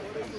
Thank you.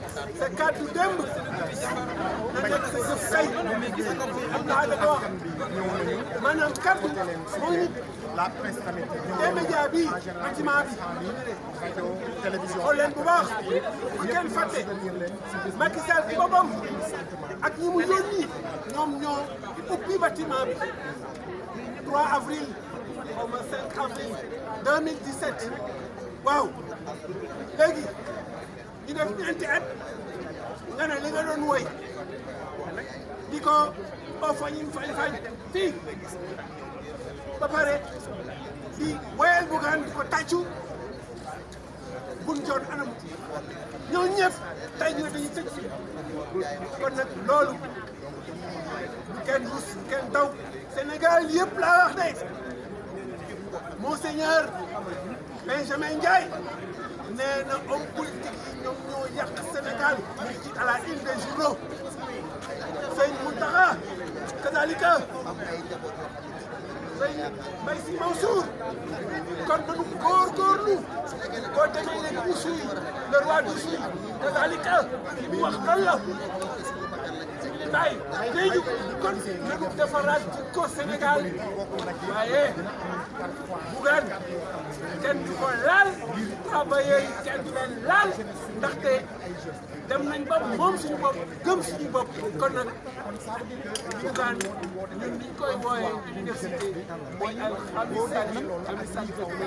sa kàddu démb na nekk sa jëf tey am na xaaral boo xam maanaam bu baax bu kenn fàtte Macky Sall ci boppam ak ñi mu yónni ñoom ñoo ubbi bâtiment bi 3 avril xaw ma 5 avril waaw léegi di def ñeenti at nga ne li nga di ko o fañ fañ fii ba pare di woyal bugaan di ko tàccu bun joon anam ñoo ñëpp tey ñu dañuy tëj fii kon nag kenn rus kenn daw Sénégal yëpp laa wax de Monseigneur Benjamin Ndiaye nee na homme politique yi ñoom ñoo a Sénégal mi ngi ci à la une des journaux sëñ Mountakha kazalika sëñ Mbaye Sy Mansour kon dañu góorgóorlu boo demee léegi ñu suy le roi du suy kazalika li Baye léegi kon nanu defaraat ko Sénégal waaye bugaan kenn du ko laal travailleur yi kenn du leen laal ndaxte dem nañ ba moom suñu bopp gëm suñu bopp kon nag bugaan ñun niñ koy wooyee université mooy alxamisali amisali